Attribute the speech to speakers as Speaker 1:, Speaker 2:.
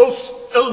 Speaker 1: us